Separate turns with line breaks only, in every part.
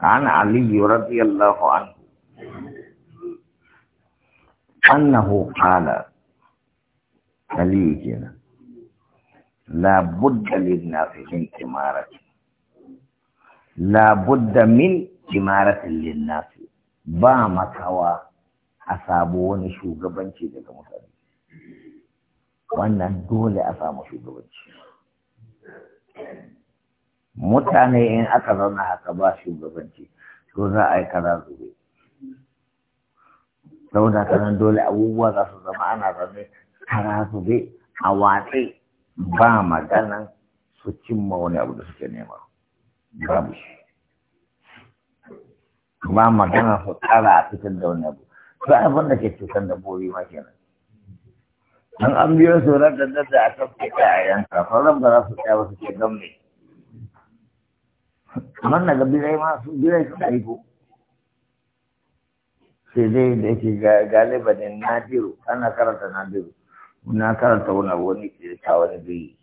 عن علي رضي الله عنه أنه قال تليجنا لا بد للناس من إمارة لا بد من إمارة للناس با ما مكوا أصابون شو غبنشي لك مصاري وأن دول أصابون شو غبنشي mutane in aka zauna haka ba shugabanci to za a yi kaza zube saboda kanan dole abubuwa za su zama ana zane kaza zube a watsi ba maganan su cimma wani abu da suke nema babu shi ba magana su tsara a fitar da wani abu su abin da ke cutar da bori ma kenan an an biyo su ran da a a tafkika a yanka sauran ba za su tsaya ba su ce kamar na gabi zai ma su birai su aiko sai dai da yake galiba ne nadiru ana karanta nadiru na karanta wani wani ke ta wani bai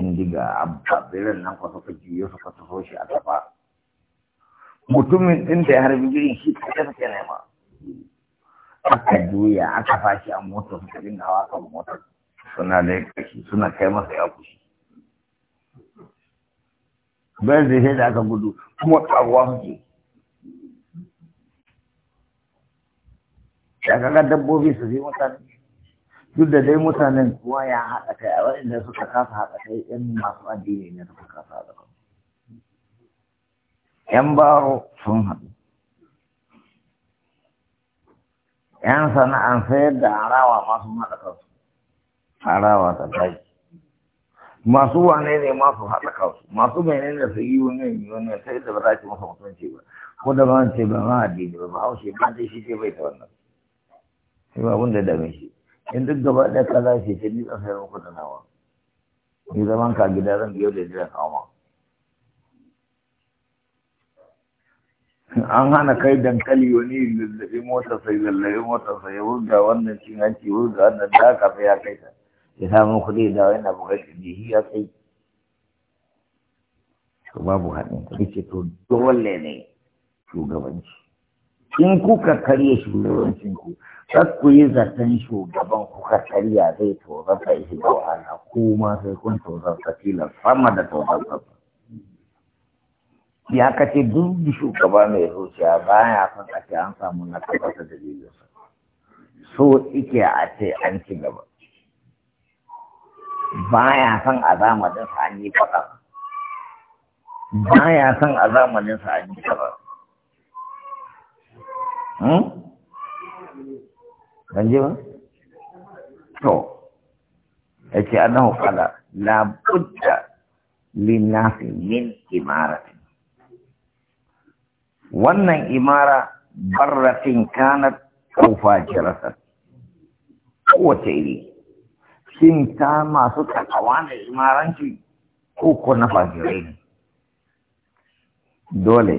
in diga abba nan kwasa ka jiyo su kwasa so shi a gaba mutumin ɗin da ya harbi girin shi ta yasa ke nema aka juya aka fashi a motar su dinga hawa kan motar suna da kashi suna kai masa ya kushi bayan zai sai da aka gudu kuma tsawa suke shakaga dabbobi su fi mutane duk da dai mutanen kuwa ya haɗa kai a da suka kasa haɗa kai yan masu addini ne suka kasa haɗa kai yan baro sun haɗu yan sana'an sayar da arawa masu haɗa kansu arawa ta kai masu wane ne masu haɗa kansu masu menene su yi wani wani sai da ba za ki masa mutunci ba ko da ba ce ba ma addini ba ba haushe ba dai shi ce bai ta wannan sai ba abin da dame shi in duk gaba ɗaya ka za shi ce ni zan sayar muku da nawa ni zaman ka gida zan biyo da jiran kawo an hana kai dankali wani zazzabi motar sai zallabi motar sai wurga wannan cin hanci wurga wannan da aka sai ya kai ta ya samu kuɗi da wani abu kai ya kai to babu haɗin kai ce to dole ne shugabanci in kuka karya shugabancin ku kar ku yi zaton shugaban kuka karya zai tozarta ya shiga wahala ko ma sai kun tozarta filar sama da tozarta ya kace duk shugaba mai zuciya baya son a ce an samu na tabbata dalilinsa so ike a ce an ci gaba baya son a zamanin sa an yi faɗa baya son a zamanin sa an yi faɗa hmm? ban ji ba to yace annahu qala la budda linnasi min imara. wannan imara barratin kanat ko fajiratan kowace iri shin ta masu takawa ne imaranci ko ko na fajirai ne dole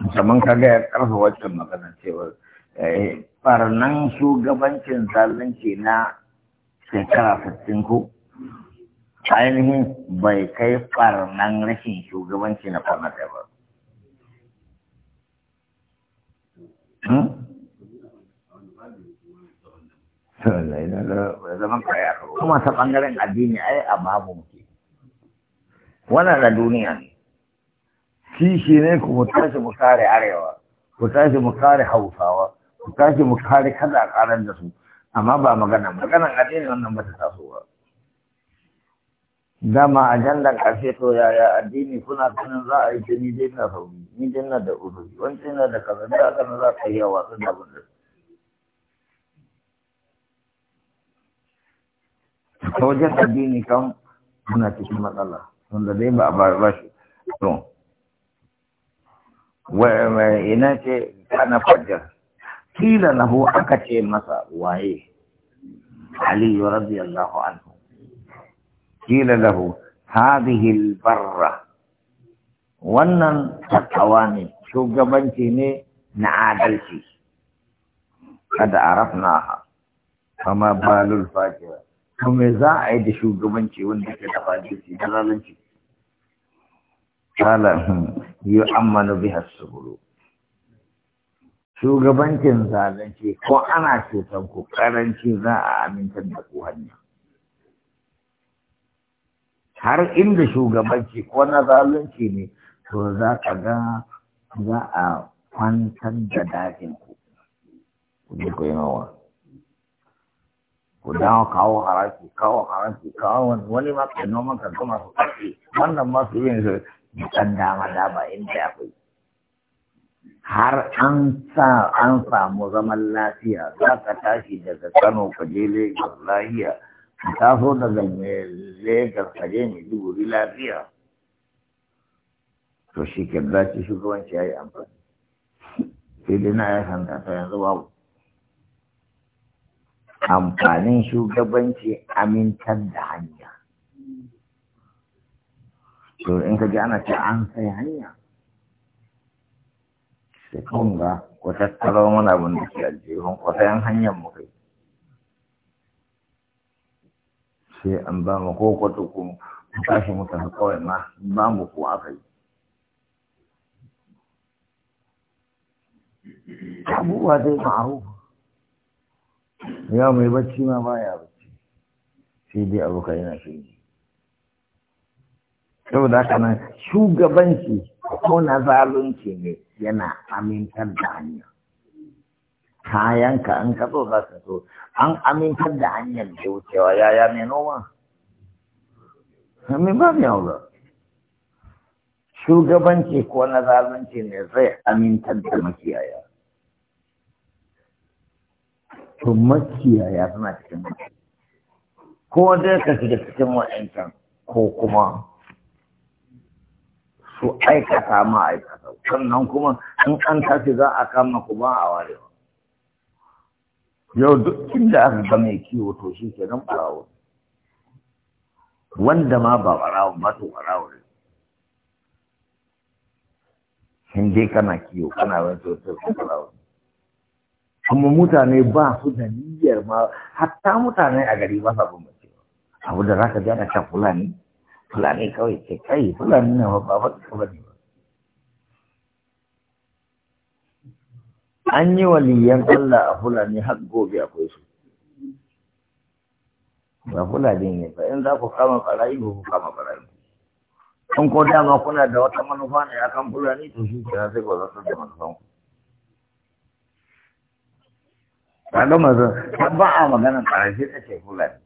musamman kaga ya karfa waccan maganar cewa eh, barnan shugabancin zalunci na shekara sittin ko ainihin bai kai barnan rashin shugabanci na kwanata ba hmm? zaman kaya kuma ta bangaren addini ai a babu wannan na duniya ne kishi ne ku mu tashi mu kare arewa ku tashi mu kare hausawa ku tashi mu kare kada a karar da su amma ba magana maganan addini wannan ba ta taso ba dama ajandan ƙarshe to yaya addini kuna ganin za a yi jini dai na sauri ni dai na da uzuri wancan na da kaza da za ka yi a wasan da abin su ta wajen addini kan muna cikin matsala wanda dai ba a ba shi don ina ce kana fajar kila lahu aka ce masa waye ali radiyallahu anhu. kila na له wannan takawa ne shugabanci ne na adalci kada arafna kama balul fajira Ka mai za a yi da shugabanci wanda ke da fadisi da zalunci kala yi biya bi hasuru shugabancin zalunci ko ana cutar ku karanci za a amintar da ku hanya har inda shugabanci ko na zalunci ne to za ka ga za a kwantar da dajin ku ku ji ku dawo kawo haraki kawo haraki kawo wani wani ma ka noma ka gama su karfi wannan ma su yin su dan dama ba inda ya kai har an sa an samu zaman lafiya za ka tashi daga kano ka je lagos lafiya ka taso daga lagos ka je duburi lafiya to shi ke dace shugabanci ya yi amfani sai dai na ya sanda ta yanzu babu amfanin shugabanci amintar da hanya to in ka ji ana ce an sai hanya sai kun ga ku tattaro mana abin da ke aljihun ku sayan hanyar mu kai sai an ba mu ko kwato ku mu tashi mu tafi kawai ma ba mu ku aka yi abubuwa zai ma'arufa ya mai bacci ma baya bacci sai dai abuka yana shiri saboda haka nan shugabanci ko na zalunci ne yana amintar da hanya kayanka an kaso za ka so an amintar da hanyar da wucewa yaya mai noma Amin ba mai aura shugabanci ko na zalunci ne zai amintar da makiyaya to ya suna cikin mutum ko dai ka shiga cikin wa'ancan ko kuma su aikata ma aikata sannan kuma in an tafi za a kama ba a ba. yau duk inda aka ga mai kiwo to shi ke nan barawo wanda ma ba barawo ba to barawo ne in dai kana kiwo kana wani to to barawo kuma mutane ba su da niyyar ma hatta mutane a gari ba sa bambance abu da zaka ji ana can fulani fulani kawai ce kai fulani na ba ba ka ba ne an yi waliyan Allah a fulani har gobe akwai su ba fulani ne ba in za ku kama barayi ba ku kama barayi in ko dama kuna da wata manufa ne akan fulani to shi kira sai ku zartar da manufan ku
kaga mazan
ba a maganar ƙarshe da ce fulani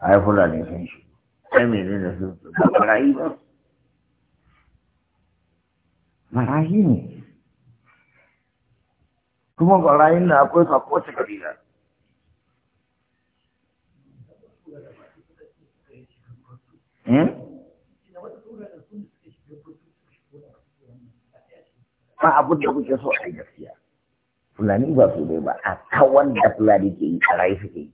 ai fulani sun shi ai mene da su ba marayi ba marayi ne kuma marayin na akwai sako ta kabila eh? ba abin da kuke so a gaskiya fulani ba su dai ba a kawan da fulani ke yi a suke yi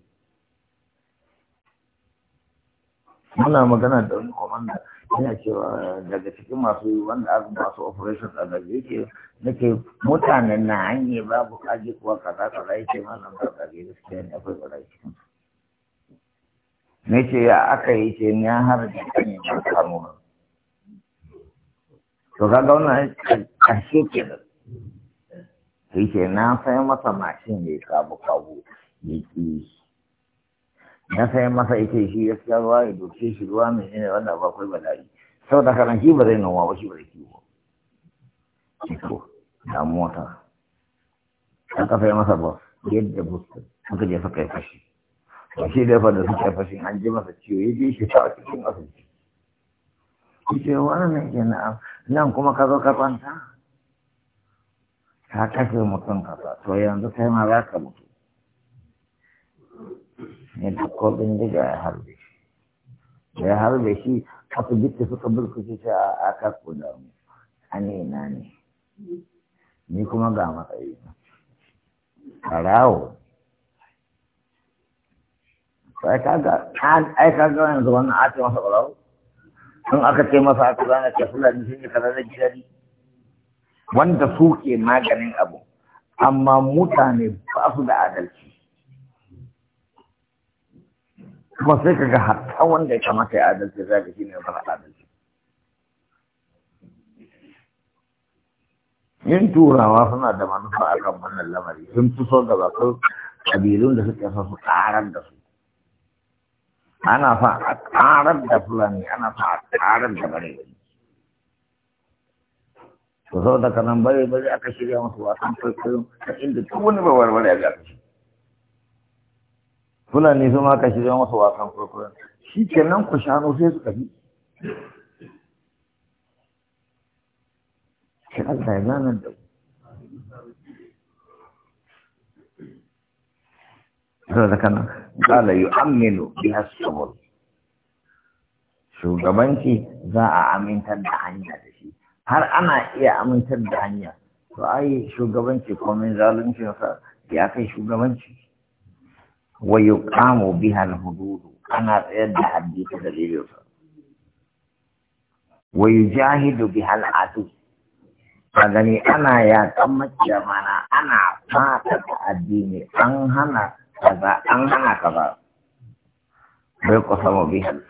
muna magana da wani komanda yana cewa daga cikin masu wanda aka masu operation a gaje ce nake mutanen na hanye babu kaji kuwa kaza kaza yake ba ka kaji gaskiya ne akwai kaza cikin ce ya aka yi ce ya da kan yi ba kamo to kaga wannan ƙarshe kenan yake na sai masa mashin ya kabu kabu ya ƙi na sai masa yake shi ya ruwa ya doke shi ruwa mai ne wanda ba kai bala'i sau da kanan shi ba zai noma ba shi ba zai kiwo ciko da mota an kafa ya masa ba yadda bus suka je suka yi fashi ba shi da fada suka fashin an ji masa ciwo ya je shi ta cikin asibiti ce wannan kenan nan kuma ka zo ka kwanta ka kashe mutum kasa to yanzu kai ma za ka mutu ne da ko diga ya harbe shi ya harbe shi asibiti suka burkushe shi a kasko da mu a ne na ne ni kuma ga matsayi karawo ai kaga ai kaga yanzu wannan ake masa karawo in aka ce masa aka zana ce fulani shi ne kaza da gidari wanda su ke maganin abu amma mutane ba su da adalci kuma sai ka ga hatta wanda ya kamata ya adalci za ka shi ne ba adalci yin turawa suna da manufa a kan wannan lamari sun fi so da bakar ƙabilun da suke so su ƙarar da su ana sa a ƙarar da fulani ana sa a ƙarar da bare ko sau da kanan bai bai aka shirya masu wasan farko ta inda duk wani ba warware ya aka shi fulani su ma aka shirya a wasan farko shi kenan ku shanu sai su kafi shi Allah ya zanen da sau da kanan kala yi aminu bi hasu shugabanci za a aminta da hanya da har ana iya amintar da hanya to ai shugabanci komin zaluncinsa ya kai shugabanci wa kamo biha na hududu ana tsayar da haddi ta dalilinsa wa jahidu biha al-adu a gani ana ya kammaciya mana ana fata ta addini an hana kaza an hana kaza bai kusa mu biha al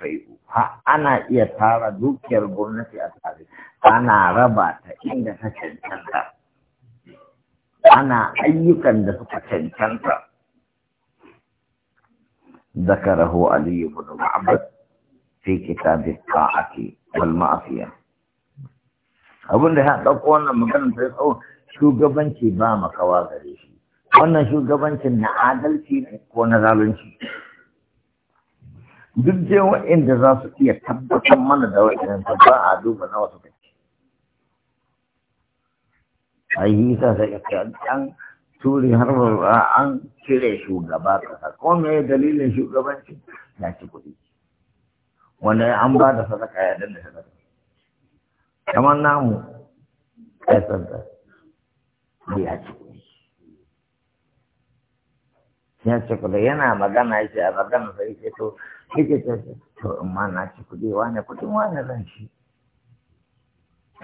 ana iya tara dukiyar gwamnati a tare ana raba ta inda ta cancanta ana ayyukan da suka cancanta ذكره علي بن معبد في كتاب الطاعة والمعصية abin da ya ɗauko wannan maganar ta tsawo shugabanci ba makawa gare shi wannan shugabancin na adalci ko na zalunci duk je wa'inda za su iya tabbatar mana da wa'in ta ba a duba na wasu kai a yi nisa sai kai an turi har an cire shugaba kasa ko me dalilin shugabanci ya ci kuɗi wanda an ba da sadaka ya danna sadaka kamar namu ya da ya ci kuɗi ya ci kuɗi yana magana ya ce a magana sai ce to yake ce to in ma na ci kuɗi wane kuɗin wane zan ci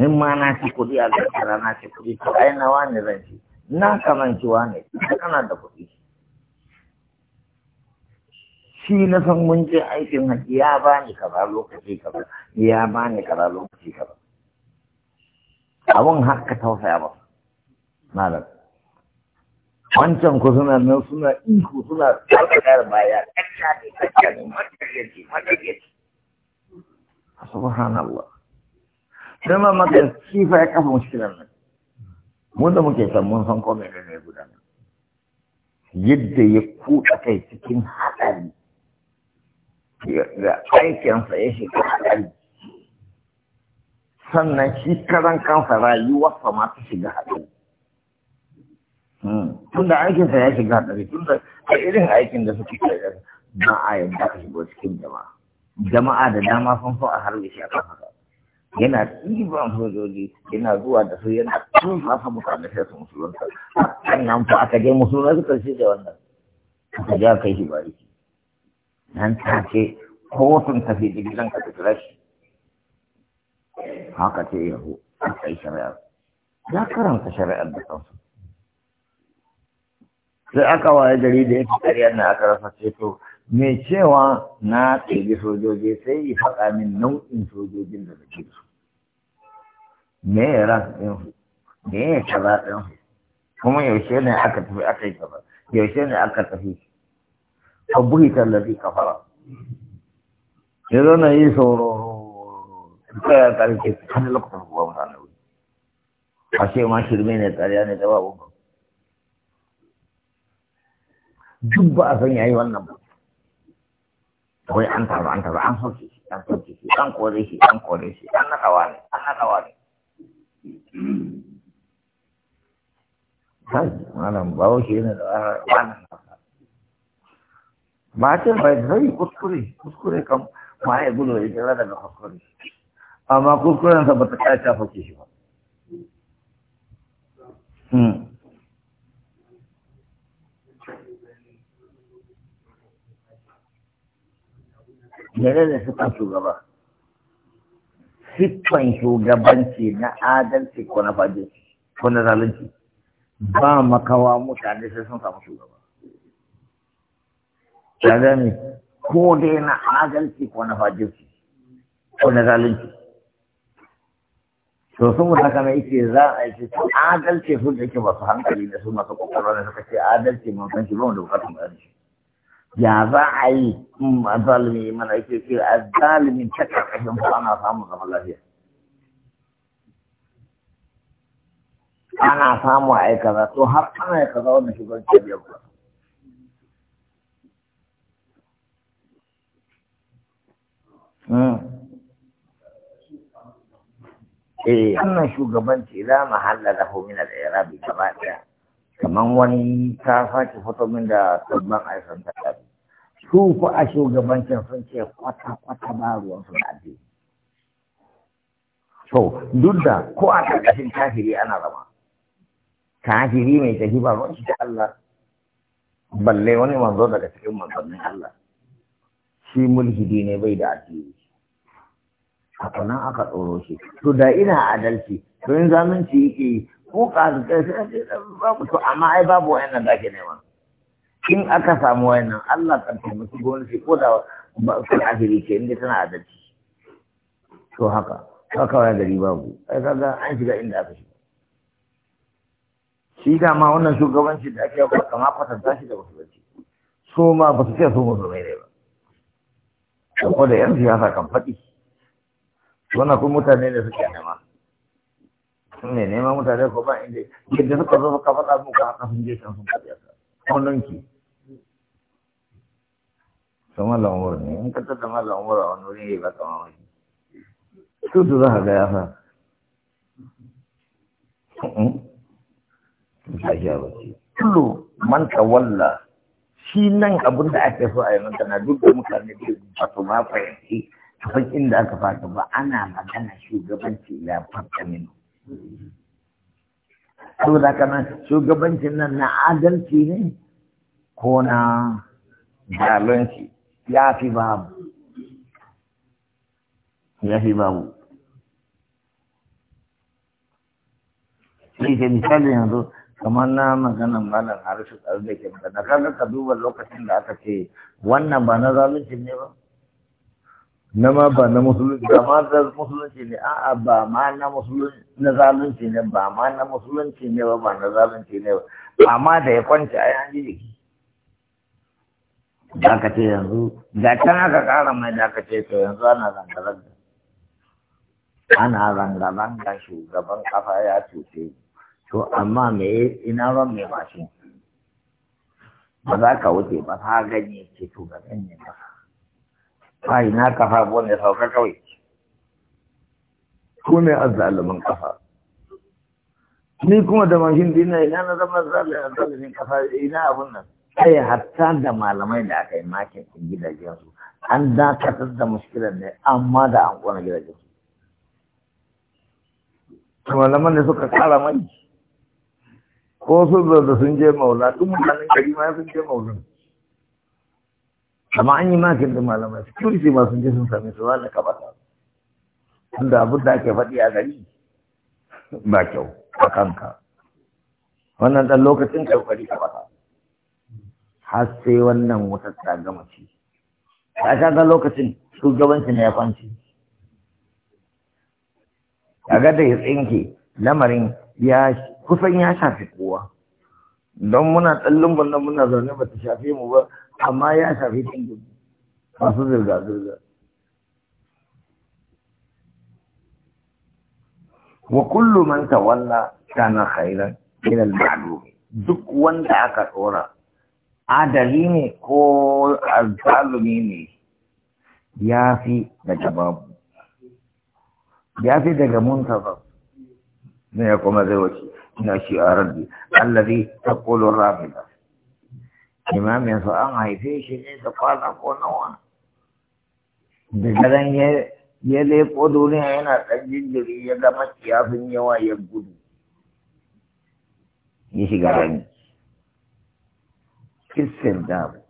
in ma na ci kuɗi a zakara na ci kuɗi to ai na wane zan ci na ka zan ci wane kana da kuɗi shi na san mun je aikin haƙi ya bani kaza lokaci kaza ya bani kaza lokaci kaza abun haka ka tausaya ba malam wancan ku suna nan suna ihu suna tsarkakar baya kacca ne kacca ne matsayyaci matsayyaci subhanallah sai ma maka sifa ya kafa mushkilar nan mu da muke san mun san ko mene ne gudana yadda ya kuɗa kai cikin haɗari ga aikinsa ya shiga haɗari sannan shi karan kansa rayuwarsa ma ta shiga haɗari Tunda aikin sa ya shiga hadari tunda a irin aikin da suke kai ba a yadda ka shigo cikin jama'a jama'a da dama sun so a harbe shi a kan haka yana ɗiban sojoji yana zuwa da su yana tun fasa mutane sai su musulunta hakan nan fa aka je musulunta suka shi da wannan aka ja kai shi bari nan ce, ko sun tafi jirgin ka tafi shi haka ce yahu aka yi shari'a ya karanta shari'ar da kansu sai aka waye gari da yake ƙaryar na aka rasa ceto mai cewa na ɗaiɗi sojoji sai yi faɗa min nau'in sojojin da nake su me ya rasa ɗinsu me ya kaza ɗinsu kuma yaushe ne aka tafi aka yi kaza yaushe ne aka tafi ka buhi tallafi kafara ya zana yi sauraro ta ya ƙarfi kan lokacin kuwa mutane wuri a ce ma shirme ne tsariya ne da babu ba duk ba a san yayi wannan ba kawai an taru an taru an sauke shi an sauke shi an kore shi an kore shi an kawa ne an kawa ne sai malam wa shi yana da wannan ba ce bai zai kuskure kuskure kam ma ya gudu ya jira daga kuskure amma kuskuren sa ba ta kace fa shi ba hmm. menene siffan shugaba siffan shugabanci na adalci ko na fadi ko na zalunci ba makawa mutane sai sun samu shugaba ya gani ko dai na adalci ko na fadi ko na zalunci to sun mutu haka na yake za a yi cikin adalci sun da yake masu hankali da su masu kwakwalwa da suka ce adalci mun san shi ba wanda da bukatun adalci ya za a yi zalimi mana yake ce a zalimin ta ƙarƙashin ku ana samun zaman lafiya ana samun a to har ana yi kaza wannan shugabanci biyar ku hmm. Eh, wannan shugabanci la mahalla lahu min al-i'rabi gaba daya. Kaman wani ta sake fito min da sabban aikan su fa a shugabancin sun ce kwata-kwata ba ruwan da addini so duk da ko a ƙarƙashin kafiri ana zama kafiri mai tafi ba ruwan shi da Allah balle wani manzo daga cikin manzannin Allah shi mulhidi ne bai da addini A kuna aka tsoro shi to da ina adalci to yin zamanci yake ko ka sai babu to amma ai babu wayannan da ake nema in aka samu wayannan Allah kan gona gwamnati ko da ba su ajiri ke inda tana adalci to haka haka wani gari babu ai kaga an shiga inda aka shiga shi ma wannan shugabanci da ake yawa kama kwatanta shi da musulunci so ma ba su ce so ba ne ba ko da yan siyasa kan faɗi wannan kuma mutane ne suke nema ne neman mutane ko ba inda yadda suka zo suka faɗa muku haka sun je can sun faɗi hannunki ta mallan umar ne in ka tattata mallan a wani wuri ne ba ka mamaki su su za ka ga ya sa ta shi abaci kullu shi nan abin da ake so a yi magana duk da mutane da ba su ma fahimci ta inda aka fata ba ana magana shugabanci ya fata minu saboda kana shugabancin nan na adalci ne ko na zalunci ya fi babu ya fi babu sai ke misali yanzu kamar na maganan malam harshe arziki magana kaga ka duba lokacin da aka ce wannan ba na zalunci ne ba na ma ba na musulunci ba ma na musulunci ne a ba ma na musulunci na zalunci ne ba ma na musulunci ne ba ba na zalunci ne ba ma da ya kwanci a yan ji jiki da aka ce yanzu da can aka kara mai da aka ce to yanzu ana zanga-zanga ana zanga-zanga shugaban kafa ya cuce to amma me ina ba mai mashin ba za ka wuce ba ta ganye ce to ga ganye ba ai na kafa ne sauka kawai ko ne azzalumin kafa ni kuma da mashin dina ina na zama zalimin kafa ina abun nan kai hatta da malamai da aka yi makin in gidajen su an dakatar da muskilar ne amma da an kona gidajen su malaman ne suka kara mai ko sun da sun je maula duk mutanen gari ma sun je maulin amma an yi makin da malamai security masu je sun sami su wani kabata tunda abin da ake faɗi a gari ba kyau a kanka wannan ɗan lokacin ƙarƙari kabata har sai wannan wutar ta gama ci ta ɗan lokacin shugabanci na ya A ga da ya tsinke lamarin ya kusan ya shafi kowa don muna tsallin wannan muna zaune ba ta shafe mu ba amma ya shafi tun masu zirga-zirga wa kullu man tawalla kana khairan ila al duk wanda aka tsora adali ne ko azalumi ne ya fi daga babu ya fi daga muntazar من يقوم ذي وجه أشياء ربي الذي تقول الرافضة إمام ينفع ما يفيش إن تقال أكون نوع بجرن يلقوا دنيا هنا تنجل جري يقام السياف يوا يبقوا يشي قرن كسر دابو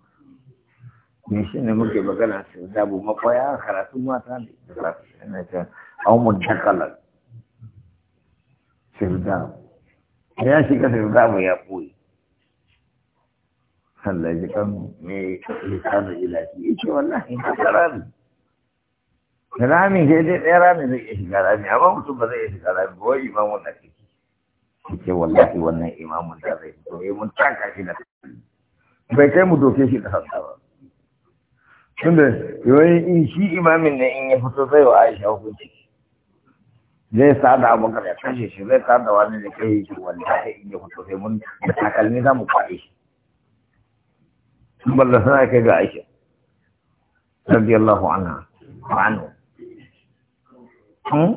me shi ne muke magana su dabu makwaya karatu mata ne da firdaus ya shiga firdaus ya koyi Allah ji kan me ce wallahi rami sai dai ɗaya rami zai iya shiga rami mutum ba zai iya shiga rami ba wai na wallahi wannan imamun da zai fito ya eh, mun taka shi bai kai mu doke shi da sassa ba tunda shi imamin ne in ya fito zai wa aisha hukunci zai sa da abubakar ya kashe shi zai sa da wani da kai yi ta ya inda fito sai mun da takalmi za mu kwaɗe shi sun balla suna kai ga aisha radiyallahu anha wa anhu dan hmm?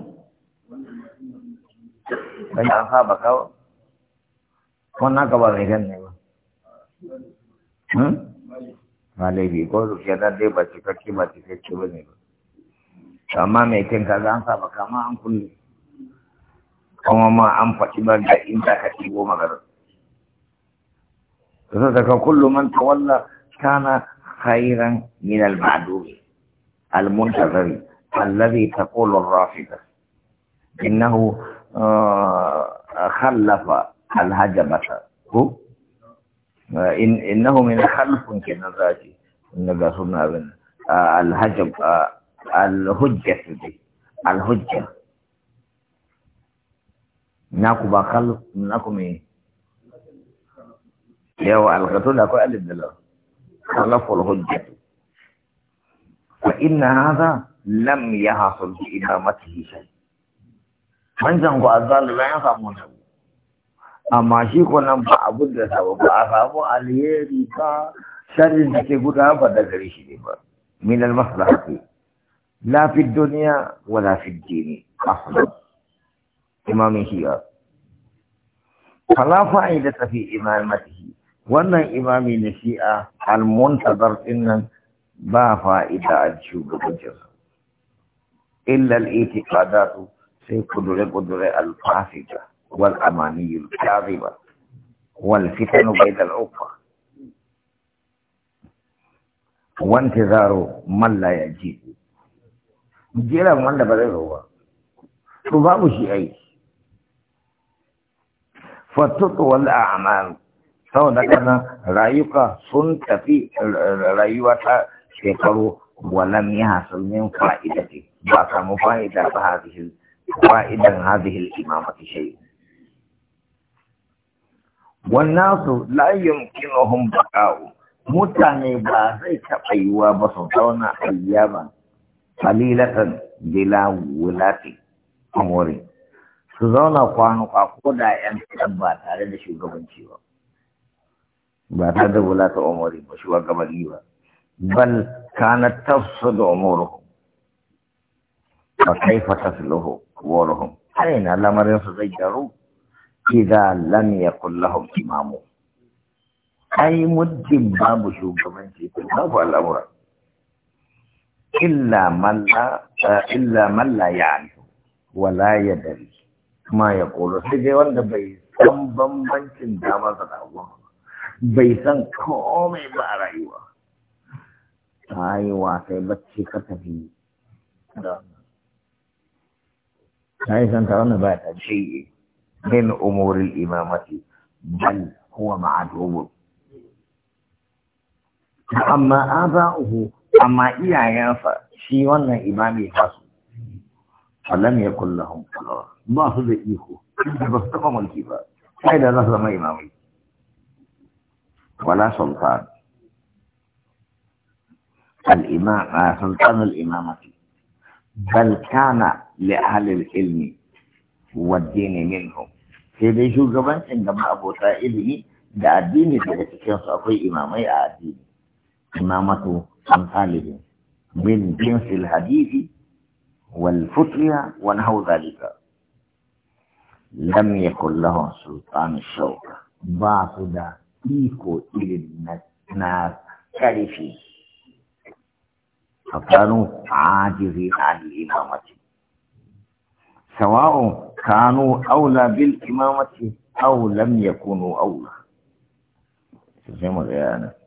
an saba ka wannan ka ba zai gan ne ba hmm? ba laifi ko rufiya na dai ba cikakke ba cikakke ba ne ba amma mai kinka za an saba kama an kulle kuma ma an faɗi ba ga inda ka ɗigo maganar daga kullum man tawalla kana khairan min al-ma'dumi al-muntazari alladhi taqulu ar-rafida innahu khallafa al-hajabata ko innahu min khalfun kana zaji inna ga sunna bin al-hajab al-hujjah al-hujjah naku ba kal naku me yawa alqatul aku alif dalal khalaful hujjah wa inna hadha lam yahsul bi imamatihi shay man zan ko azal la ya samu na amma shi ko nan ba abun da sabo ba a samu alheri ka sharrin da ke guda ba da gare shi ne ba min al maslahati la fi dunya wala fi dini afdal imamin shi'a fala fa'idata fi imamatihi wannan imami na shi'a al-muntazar dinnan ba fa'ida a shugabancin illa al-i'tiqadatu sai kudure kudure al-fasida wal amani al-kadhiba wal fitan bayd al-ufa wantizaru man la yajibu jiran wanda ba zai zo ba to babu shi aiki fatutu wal a'mal da kana rayuka sun tafi rayuwa ta shekaru walam yahsul min fa'idati ba samu fa'ida ba hadhihi fa'idan hadhihi al-imamati shay wannasu la yumkinuhum baqa'u mutane ba zai taɓa yiwa ba su zauna ayyama qalilatan bila wulati amuri su zauna kwanuka ko da yan kaɗan ba tare da shugabanci ba ba tare da wulata umari ba shugabanci ba bal kana tafsud umuruhum fa kaifa tasluhu umuruhum har ina lamarin su zai gyaru idan lam yakul lahum imamu ai muddin babu shugabanci babu al'amura illa man la illa man la ya'rifu ولا يدري ma ya kolo sai dai wanda bai san bambancin damar da ba, bai san komai ba a rayuwa ta yi wasai bacci ka tafi ta yi san taron ba ta ce min umurin imamati bal huwa ma'adubu amma aba'uhu amma iyayensa shi wannan imami fasu فلم يكن لهم قرار الله ذئيكو بستقم الجبال حيث نظم إمامي ولا سلطان الإمام آه، سلطان الإمامة بل كان لأهل العلم والدين منهم في ليش جبان عندما أبو طائل دا الدين دا تكون صافي إمامي آه، الدين إمامته من من جنس الحديث والفتية ونحو ذلك لم يكن لهم سلطان الشوك باطدا إيكو إلى الناس كارفين فكانوا عاجزين عن الإمامة سواء كانوا أولى بالإمامة أو لم يكونوا أولى. Sejamos de Ana.